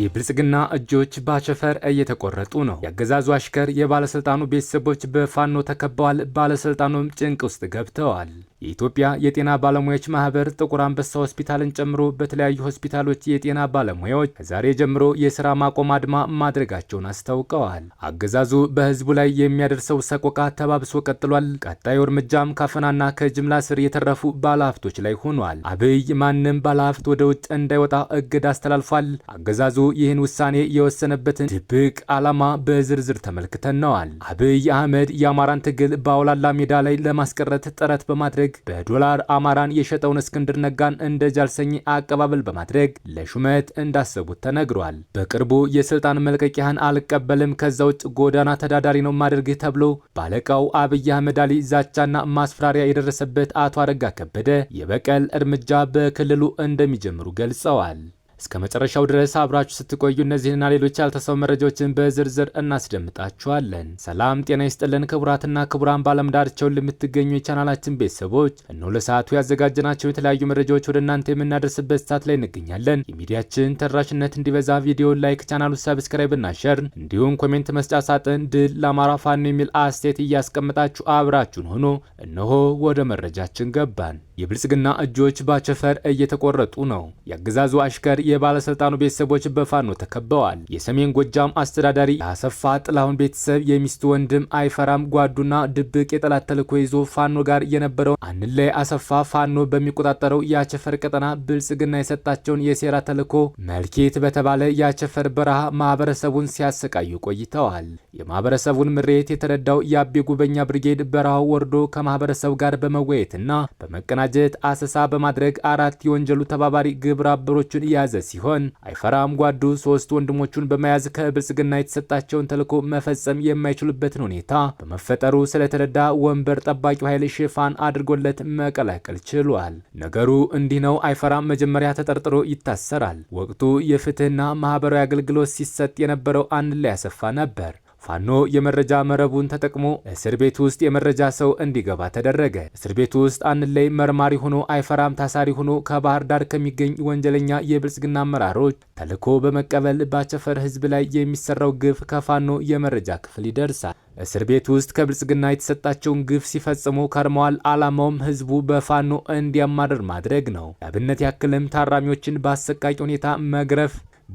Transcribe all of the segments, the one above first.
የብልጽግና እጆች በአቸፈር እየተቆረጡ ነው። የአገዛዙ አሽከር የባለስልጣኑ ቤተሰቦች በፋኖ ተከበዋል። ባለስልጣኑም ጭንቅ ውስጥ ገብተዋል። የኢትዮጵያ የጤና ባለሙያዎች ማህበር ጥቁር አንበሳ ሆስፒታልን ጨምሮ በተለያዩ ሆስፒታሎች የጤና ባለሙያዎች ከዛሬ ጀምሮ የስራ ማቆም አድማ ማድረጋቸውን አስታውቀዋል። አገዛዙ በህዝቡ ላይ የሚያደርሰው ሰቆቃ ተባብሶ ቀጥሏል። ቀጣዩ እርምጃም ካፈናና ከጅምላ ስር የተረፉ ባለሀብቶች ላይ ሆኗል። አብይ ማንም ባለሀብት ወደ ውጭ እንዳይወጣ እግድ አስተላልፏል። አገዛዙ ይህን ውሳኔ የወሰነበትን ድብቅ ዓላማ በዝርዝር ተመልክተነዋል። አብይ አህመድ የአማራን ትግል በአውላላ ሜዳ ላይ ለማስቀረት ጥረት በማድረግ በዶላር አማራን የሸጠውን እስክንድር ነጋን እንደ ጃልሰኝ አቀባበል በማድረግ ለሹመት እንዳሰቡት ተነግሯል። በቅርቡ የስልጣን መልቀቂያን አልቀበልም፣ ከዛ ውጭ ጎዳና ተዳዳሪ ነው ማደርግህ ተብሎ ባለቃው አብይ አህመድ አሊ ዛቻና ማስፈራሪያ የደረሰበት አቶ አረጋ ከበደ የበቀል እርምጃ በክልሉ እንደሚጀምሩ ገልጸዋል። እስከ መጨረሻው ድረስ አብራችሁ ስትቆዩ እነዚህንና ሌሎች ያልተሰሙ መረጃዎችን በዝርዝር እናስደምጣችኋለን። ሰላም ጤና ይስጥልን ክቡራትና ክቡራን በዓለም ዳርቻውን ለምትገኙ የቻናላችን ቤተሰቦች እነሆ ለሰዓቱ ያዘጋጀናቸው የተለያዩ መረጃዎች ወደ እናንተ የምናደርስበት ሰዓት ላይ እንገኛለን። የሚዲያችን ተደራሽነት እንዲበዛ ቪዲዮ ላይክ፣ ቻናሉ ሰብስክራይብ እና ሸር እንዲሁም ኮሜንት መስጫ ሳጥን ድል ለአማራ ፋኖ የሚል አስተያየት እያስቀመጣችሁ አብራችሁን ሆኖ እነሆ ወደ መረጃችን ገባን። የብልጽግና እጆች ባቸፈር እየተቆረጡ ነው። የአገዛዙ አሽከር የባለስልጣኑ ቤተሰቦች በፋኖ ተከበዋል። የሰሜን ጎጃም አስተዳዳሪ የአሰፋ ጥላሁን ቤተሰብ የሚስቱ ወንድም አይፈራም ጓዱና ድብቅ የጠላት ተልዕኮ ይዞ ፋኖ ጋር የነበረው አንለይ አሰፋ ፋኖ በሚቆጣጠረው የአቸፈር ቀጠና ብልጽግና የሰጣቸውን የሴራ ተልኮ መልኬት በተባለ የአቸፈር በረሃ ማህበረሰቡን ሲያሰቃዩ ቆይተዋል። የማህበረሰቡን ምሬት የተረዳው የአቤ ጉበኛ ብርጌድ በረሃው ወርዶ ከማህበረሰቡ ጋር በመወየትና በመቀና በማቀናጀት አሰሳ በማድረግ አራት የወንጀሉ ተባባሪ ግብረ አበሮቹን የያዘ ሲሆን አይፈራም ጓዱ ሶስት ወንድሞቹን በመያዝ ከብልጽግና የተሰጣቸውን ተልዕኮ መፈጸም የማይችሉበትን ሁኔታ በመፈጠሩ ስለተረዳ ወንበር ጠባቂው ኃይል ሽፋን አድርጎለት መቀላቀል ችሏል። ነገሩ እንዲህ ነው። አይፈራም መጀመሪያ ተጠርጥሮ ይታሰራል። ወቅቱ የፍትህና ማህበራዊ አገልግሎት ሲሰጥ የነበረው አንድ ላይ ያሰፋ ነበር። ፋኖ የመረጃ መረቡን ተጠቅሞ እስር ቤት ውስጥ የመረጃ ሰው እንዲገባ ተደረገ። እስር ቤት ውስጥ አንለይ መርማሪ ሆኖ አይፈራም ታሳሪ ሆኖ ከባህር ዳር ከሚገኝ ወንጀለኛ የብልጽግና አመራሮች ተልዕኮ በመቀበል ባቸፈር ህዝብ ላይ የሚሰራው ግፍ ከፋኖ የመረጃ ክፍል ይደርሳል። እስር ቤት ውስጥ ከብልጽግና የተሰጣቸውን ግፍ ሲፈጽሙ ከርመዋል። ዓላማውም ህዝቡ በፋኖ እንዲያማርር ማድረግ ነው። ለአብነት ያክልም ታራሚዎችን በአሰቃቂ ሁኔታ መግረፍ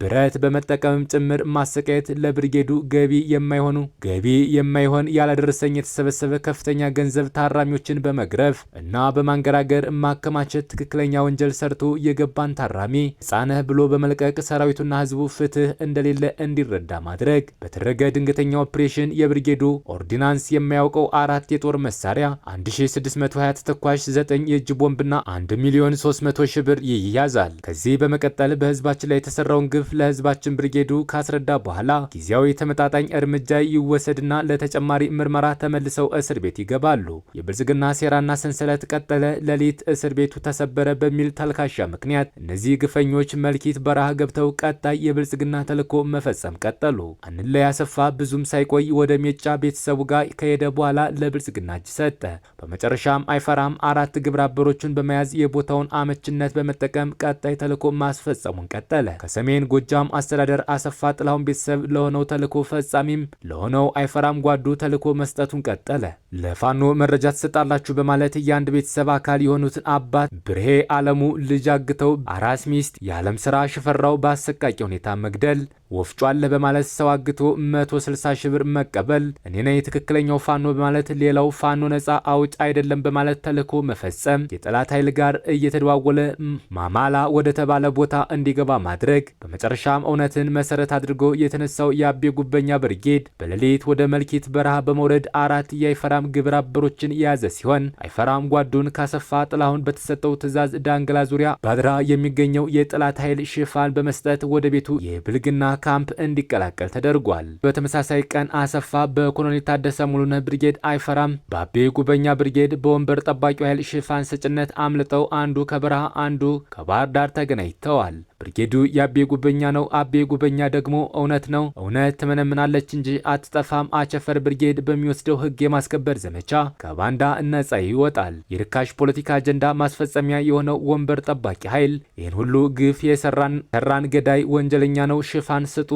ብረት በመጠቀምም ጭምር ማሰቃየት ለብርጌዱ ገቢ የማይሆኑ ገቢ የማይሆን ያለደረሰኝ የተሰበሰበ ከፍተኛ ገንዘብ ታራሚዎችን በመግረፍ እና በማንገራገር ማከማቸት ትክክለኛ ወንጀል ሰርቶ የገባን ታራሚ ሕፃነህ ብሎ በመልቀቅ ሰራዊቱና ህዝቡ ፍትህ እንደሌለ እንዲረዳ ማድረግ። በተደረገ ድንገተኛ ኦፕሬሽን የብርጌዱ ኦርዲናንስ የማያውቀው አራት የጦር መሳሪያ 1620 ተተኳሽ 9 የእጅ ቦምብና 1 ሚሊዮን 300 ሺህ ብር ይያዛል። ከዚህ በመቀጠል በህዝባችን ላይ የተሰራውን ግፍ ለህዝባችን ብርጌዱ ካስረዳ በኋላ ጊዜያዊ ተመጣጣኝ እርምጃ ይወሰድና ለተጨማሪ ምርመራ ተመልሰው እስር ቤት ይገባሉ። የብልጽግና ሴራና ሰንሰለት ቀጠለ። ሌሊት እስር ቤቱ ተሰበረ በሚል ተልካሻ ምክንያት እነዚህ ግፈኞች መልኪት በረሃ ገብተው ቀጣይ የብልጽግና ተልእኮ መፈጸም ቀጠሉ። አንለይ አሰፋ ብዙም ሳይቆይ ወደ ሜጫ ቤተሰቡ ጋር ከሄደ በኋላ ለብልጽግና እጅ ሰጠ። በመጨረሻም አይፈራም አራት ግብረ አበሮችን በመያዝ የቦታውን አመችነት በመጠቀም ቀጣይ ተልእኮ ማስፈጸሙን ቀጠለ። ከሰሜን የሰሜን ጎጃም አስተዳደር አሰፋ ጥላሁን ቤተሰብ ለሆነው ተልዕኮ ፈጻሚም ለሆነው አይፈራም ጓዱ ተልዕኮ መስጠቱን ቀጠለ። ለፋኖ መረጃ ትሰጣላችሁ በማለት የአንድ ቤተሰብ አካል የሆኑትን አባት ብርሄ አለሙ ልጅ አግተው አራስ ሚስት የዓለም ስራ ሽፈራው በአሰቃቂ ሁኔታ መግደል ወፍጮ አለ በማለት ሰው አግቶ 160 ሺህ ብር መቀበል፣ እኔ ነኝ ትክክለኛው ፋኖ በማለት ሌላው ፋኖ ነፃ አውጭ አይደለም በማለት ተልዕኮ መፈጸም፣ የጠላት ኃይል ጋር እየተደዋወለ ማማላ ወደ ተባለ ቦታ እንዲገባ ማድረግ፣ በመጨረሻም እውነትን መሰረት አድርጎ የተነሳው የአቤ ጉበኛ ብርጌድ በሌሊት ወደ መልኬት በረሃ በመውረድ አራት የአይፈራም ግብረ አበሮችን የያዘ ሲሆን አይፈራም ጓዱን ካሰፋ ጥላሁን በተሰጠው ትዕዛዝ ዳንግላ ዙሪያ ባድራ የሚገኘው የጥላት ኃይል ሽፋን በመስጠት ወደ ቤቱ የብልግና ካምፕ እንዲቀላቀል ተደርጓል። በተመሳሳይ ቀን አሰፋ በኮሎኔል ታደሰ ሙሉነህ ብርጌድ አይፈራም በአቤ ጉበኛ ብርጌድ በወንበር ጠባቂው ኃይል ሽፋን ሰጭነት አምልጠው አንዱ ከበረሃ አንዱ ከባህር ዳር ተገናኝተዋል። ብርጌዱ የአቤ ጉበኛ ነው። አቤ ጉበኛ ደግሞ እውነት ነው እውነት ትመነምናለች እንጂ አትጠፋም። አቸፈር ብርጌድ በሚወስደው ህግ የማስከበር ዘመቻ ከባንዳ ነጻ ይወጣል። የርካሽ ፖለቲካ አጀንዳ ማስፈጸሚያ የሆነው ወንበር ጠባቂ ኃይል ይህን ሁሉ ግፍ የሰራን ገዳይ ወንጀለኛ ነው ሽፋን ስጡ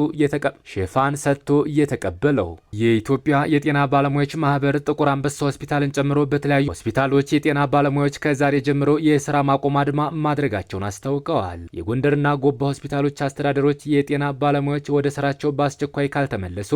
ሽፋን ሰጥቶ እየተቀበለው የኢትዮጵያ የጤና ባለሙያዎች ማህበር ጥቁር አንበሳ ሆስፒታልን ጨምሮ በተለያዩ ሆስፒታሎች የጤና ባለሙያዎች ከዛሬ ጀምሮ የስራ ማቆም አድማ ማድረጋቸውን አስታውቀዋል። የጎንደርና ጎባ ሆስፒታሎች አስተዳደሮች የጤና ባለሙያዎች ወደ ስራቸው በአስቸኳይ ካልተመለሱ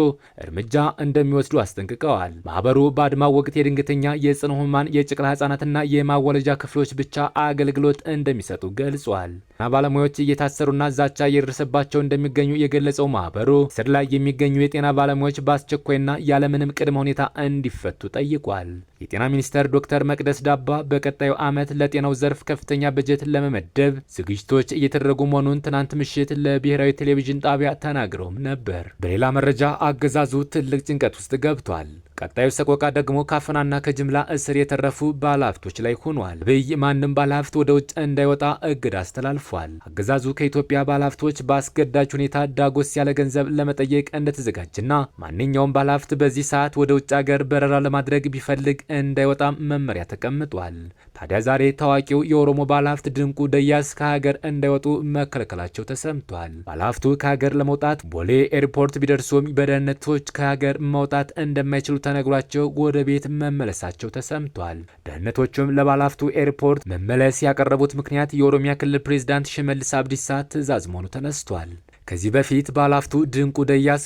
እርምጃ እንደሚወስዱ አስጠንቅቀዋል። ማህበሩ በአድማው ወቅት የድንገተኛ የጽኑ ህሙማን የጨቅላ ህጻናትና የማወለጃ ክፍሎች ብቻ አገልግሎት እንደሚሰጡ ገልጿል። ጤና ባለሙያዎች እየታሰሩና ዛቻ እየደረሰባቸው እንደሚገኙ የገለጸው ማህበሩ ስር ላይ የሚገኙ የጤና ባለሙያዎች በአስቸኳይና ያለምንም ቅድመ ሁኔታ እንዲፈቱ ጠይቋል። የጤና ሚኒስተር ዶክተር መቅደስ ዳባ በቀጣዩ ዓመት ለጤናው ዘርፍ ከፍተኛ በጀት ለመመደብ ዝግጅቶች እየተደረጉ መሆኑን ትናንት ምሽት ለብሔራዊ ቴሌቪዥን ጣቢያ ተናግረውም ነበር። በሌላ መረጃ አገዛዙ ትልቅ ጭንቀት ውስጥ ገብቷል። ቀጣዩ ሰቆቃ ደግሞ ካፈናና ከጅምላ እስር የተረፉ ባለሀብቶች ላይ ሆኗል። አብይ ማንም ባለሀብት ወደ ውጭ እንዳይወጣ እግድ አስተላልፏል። አገዛዙ ከኢትዮጵያ ባለሀብቶች በአስገዳጅ ሁኔታ ዳጎስ ያለ ገንዘብ ለመጠየቅ እንደተዘጋጀና። ማንኛውም ባለሀብት በዚህ ሰዓት ወደ ውጭ ሀገር በረራ ለማድረግ ቢፈልግ እንዳይወጣ መመሪያ ተቀምጧል። ታዲያ ዛሬ ታዋቂው የኦሮሞ ባለሀብት ድንቁ ደያስ ከሀገር እንዳይወጡ መከልከላቸው ተሰምቷል። ተናግረዋል። ባለሀብቱ ከሀገር ለመውጣት ቦሌ ኤርፖርት ቢደርሱም በደህንነቶች ከሀገር መውጣት እንደማይችሉ ተነግሯቸው ወደ ቤት መመለሳቸው ተሰምቷል። ደህንነቶቹም ለባለሀብቱ ኤርፖርት መመለስ ያቀረቡት ምክንያት የኦሮሚያ ክልል ፕሬዚዳንት ሽመልስ አብዲሳ ትዕዛዝ መሆኑ ተነስቷል። ከዚህ በፊት ባለሀብቱ ድንቁ ደያስ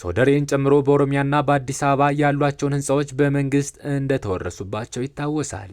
ሶደሬን ጨምሮ በኦሮሚያና በአዲስ አበባ ያሏቸውን ህንፃዎች በመንግስት እንደተወረሱባቸው ይታወሳል።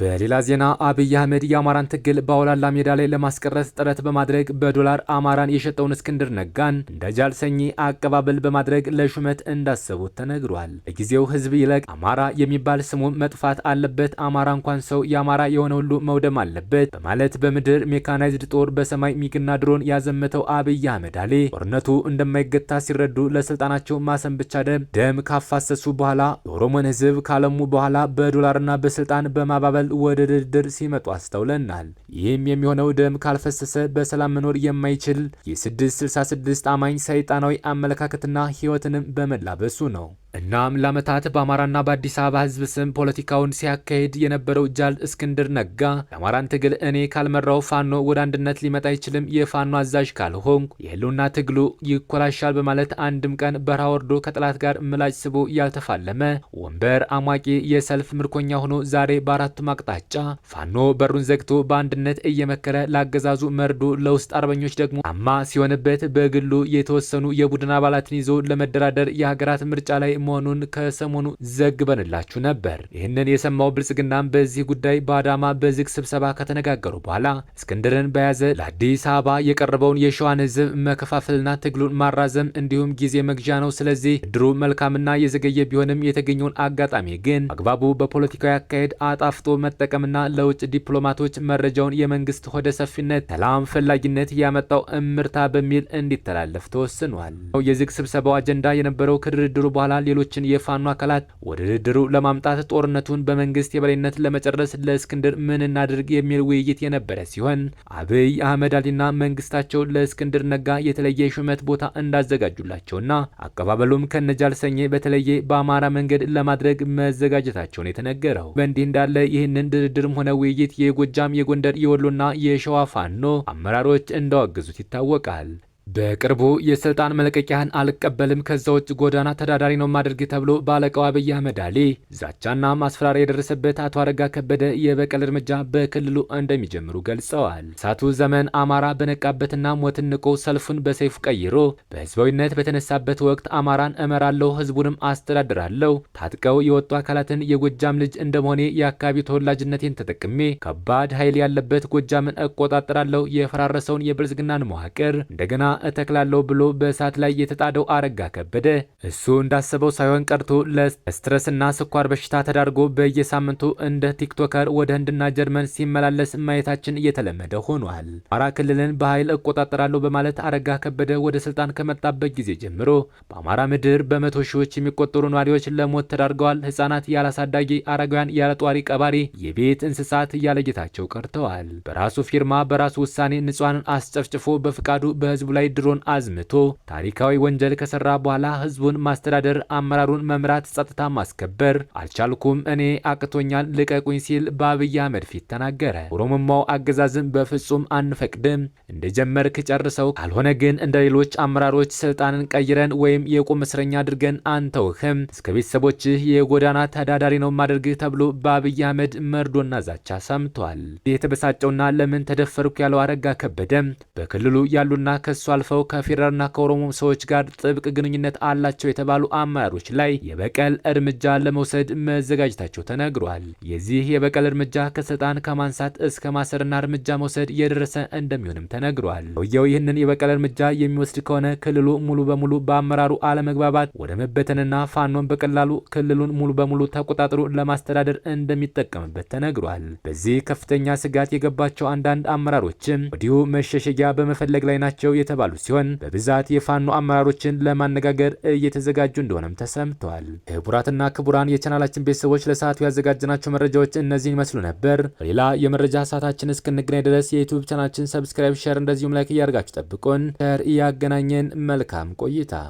በሌላ ዜና አብይ አህመድ የአማራን ትግል በአውላላ ሜዳ ላይ ለማስቀረት ጥረት በማድረግ በዶላር አማራን የሸጠውን እስክንድር ነጋን እንደ ጃልሰኝ አቀባበል በማድረግ ለሹመት እንዳሰቡት ተነግሯል። ለጊዜው ህዝብ ይለቅ አማራ የሚባል ስሙ መጥፋት አለበት፣ አማራ እንኳን ሰው የአማራ የሆነ ሁሉ መውደም አለበት በማለት በምድር ሜካናይዝድ ጦር በሰማይ ሚግና ድሮን ያዘመተው አብይ አህመድ አሌ ጦርነቱ እንደማይገታ ሲረዱ ለስልጣናቸው ማሰን ብቻ ደም ደም ካፋሰሱ በኋላ የኦሮሞን ህዝብ ካለሙ በኋላ በዶላርና በስልጣን በማባበል ለመቀበል ወደ ድርድር ሲመጡ አስተውለናል። ይህም የሚሆነው ደም ካልፈሰሰ በሰላም መኖር የማይችል የ666 አማኝ ሰይጣናዊ አመለካከትና ህይወትንም በመላበሱ ነው። እናም ለዓመታት በአማራና በአዲስ አበባ ህዝብ ስም ፖለቲካውን ሲያካሄድ የነበረው ጃል እስክንድር ነጋ የአማራን ትግል እኔ ካልመራው ፋኖ ወደ አንድነት ሊመጣ አይችልም፣ የፋኖ አዛዥ ካልሆንኩ የህልውና ትግሉ ይኮላሻል በማለት አንድም ቀን በረሃ ወርዶ ከጠላት ጋር ምላጭ ስቦ ያልተፋለመ ወንበር አሟቂ የሰልፍ ምርኮኛ ሆኖ ዛሬ በአራቱም አቅጣጫ ፋኖ በሩን ዘግቶ በአንድነት እየመከረ ለአገዛዙ መርዶ ለውስጥ አርበኞች ደግሞ አማ ሲሆንበት በግሉ የተወሰኑ የቡድን አባላትን ይዞ ለመደራደር የሀገራት ምርጫ ላይ መሆኑን ከሰሞኑ ዘግበንላችሁ ነበር። ይህንን የሰማው ብልጽግናም በዚህ ጉዳይ በአዳማ በዝግ ስብሰባ ከተነጋገሩ በኋላ እስክንድርን በያዘ ለአዲስ አበባ የቀረበውን የሸዋን ህዝብ መከፋፈልና ትግሉን ማራዘም እንዲሁም ጊዜ መግዣ ነው። ስለዚህ ድሩ መልካምና የዘገየ ቢሆንም የተገኘውን አጋጣሚ ግን አግባቡ በፖለቲካዊ አካሄድ አጣፍጦ መጠቀምና ለውጭ ዲፕሎማቶች መረጃውን የመንግስት ሆደ ሰፊነት ሰላም ፈላጊነት ያመጣው እምርታ በሚል እንዲተላለፍ ተወስኗል። የዝግ ስብሰባው አጀንዳ የነበረው ከድርድሩ በኋላ ሌሎችን የፋኖ አካላት ወደ ድርድሩ ለማምጣት ጦርነቱን በመንግስት የበላይነት ለመጨረስ ለእስክንድር ምን እናድርግ የሚል ውይይት የነበረ ሲሆን አብይ አህመድ አሊና መንግስታቸው ለእስክንድር ነጋ የተለየ ሹመት ቦታ እንዳዘጋጁላቸውና አቀባበሉም ከነጃል ሰኘ በተለየ በአማራ መንገድ ለማድረግ መዘጋጀታቸውን የተነገረው በእንዲህ እንዳለ ይህንን ድርድርም ሆነ ውይይት የጎጃም፣ የጎንደር፣ የወሎና የሸዋ ፋኖ አመራሮች እንዳወገዙት ይታወቃል። በቅርቡ የስልጣን መለቀቂያን አልቀበልም ከዛ ውጭ ጎዳና ተዳዳሪ ነው ማድርግ ተብሎ ባለቀው አብይ አህመድ አሊ ዛቻና ማስፈራሪያ የደረሰበት አቶ አረጋ ከበደ የበቀል እርምጃ በክልሉ እንደሚጀምሩ ገልጸዋል። እሳቱ ዘመን አማራ በነቃበትና ሞትን ንቆ ሰልፉን በሰይፉ ቀይሮ በህዝባዊነት በተነሳበት ወቅት አማራን እመራለሁ፣ ህዝቡንም አስተዳድራለሁ፣ ታጥቀው የወጡ አካላትን የጎጃም ልጅ እንደመሆኔ የአካባቢው ተወላጅነቴን ተጠቅሜ ከባድ ኃይል ያለበት ጎጃምን እቆጣጠራለሁ፣ የፈራረሰውን የብልጽግናን መዋቅር እንደገና እተክላለሁ ብሎ በእሳት ላይ የተጣደው አረጋ ከበደ እሱ እንዳሰበው ሳይሆን ቀርቶ ለስትረስና ስኳር በሽታ ተዳርጎ በየሳምንቱ እንደ ቲክቶከር ወደ ህንድና ጀርመን ሲመላለስ ማየታችን እየተለመደ ሆኗል። አማራ ክልልን በኃይል እቆጣጠራለሁ በማለት አረጋ ከበደ ወደ ስልጣን ከመጣበት ጊዜ ጀምሮ በአማራ ምድር በመቶ ሺዎች የሚቆጠሩ ነዋሪዎች ለሞት ተዳርገዋል። ህጻናት ያላሳዳጊ፣ አረጋውያን ያለ ቀባሪ፣ የቤት እንስሳት እያለጌታቸው ቀርተዋል። በራሱ ፊርማ በራሱ ውሳኔ ንጹሐንን አስጨፍጭፎ በፍቃዱ በህዝቡ ላይ ላይ ድሮን አዝምቶ ታሪካዊ ወንጀል ከሰራ በኋላ ህዝቡን ማስተዳደር፣ አመራሩን መምራት፣ ጸጥታ ማስከበር አልቻልኩም፣ እኔ አቅቶኛል፣ ልቀቁኝ ሲል በአብይ አህመድ ፊት ተናገረ። ኦሮሞማው አገዛዝን በፍጹም አንፈቅድም፣ እንደጀመርክ ጨርሰው፣ ካልሆነ ግን እንደ ሌሎች አመራሮች ስልጣንን ቀይረን ወይም የቁም እስረኛ አድርገን አንተውህም፣ እስከ ቤተሰቦችህ የጎዳና ተዳዳሪ ነው ማደርግህ ተብሎ በአብይ አህመድ መርዶና ዛቻ ሰምቷል። የተበሳጨውና ለምን ተደፈርኩ ያለው አረጋ ከበደም በክልሉ ያሉና ከሷ አልፈው ከፌዴራልና ከኦሮሞ ሰዎች ጋር ጥብቅ ግንኙነት አላቸው የተባሉ አመራሮች ላይ የበቀል እርምጃ ለመውሰድ መዘጋጀታቸው ተነግሯል። የዚህ የበቀል እርምጃ ከስልጣን ከማንሳት እስከ ማሰርና እርምጃ መውሰድ የደረሰ እንደሚሆንም ተነግሯል። ሰውየው ይህንን የበቀል እርምጃ የሚወስድ ከሆነ ክልሉ ሙሉ በሙሉ በአመራሩ አለመግባባት ወደ መበተንና ፋኖን በቀላሉ ክልሉን ሙሉ በሙሉ ተቆጣጥሮ ለማስተዳደር እንደሚጠቀምበት ተነግሯል። በዚህ ከፍተኛ ስጋት የገባቸው አንዳንድ አመራሮችም ወዲሁ መሸሸጊያ በመፈለግ ላይ ናቸው የተባሉ የተባሉ ሲሆን በብዛት የፋኖ አመራሮችን ለማነጋገር እየተዘጋጁ እንደሆነም ተሰምተዋል። ክቡራትና ክቡራን የቻናላችን ቤተሰቦች ለሰዓቱ ያዘጋጀናቸው መረጃዎች እነዚህን ይመስሉ ነበር። ሌላ የመረጃ ሰዓታችን እስክንገናኝ ድረስ የዩቱብ ቻናላችን ሰብስክራይብ፣ ሸር እንደዚሁም ላይክ እያደርጋችሁ ጠብቆን ሸር እያገናኘን መልካም ቆይታ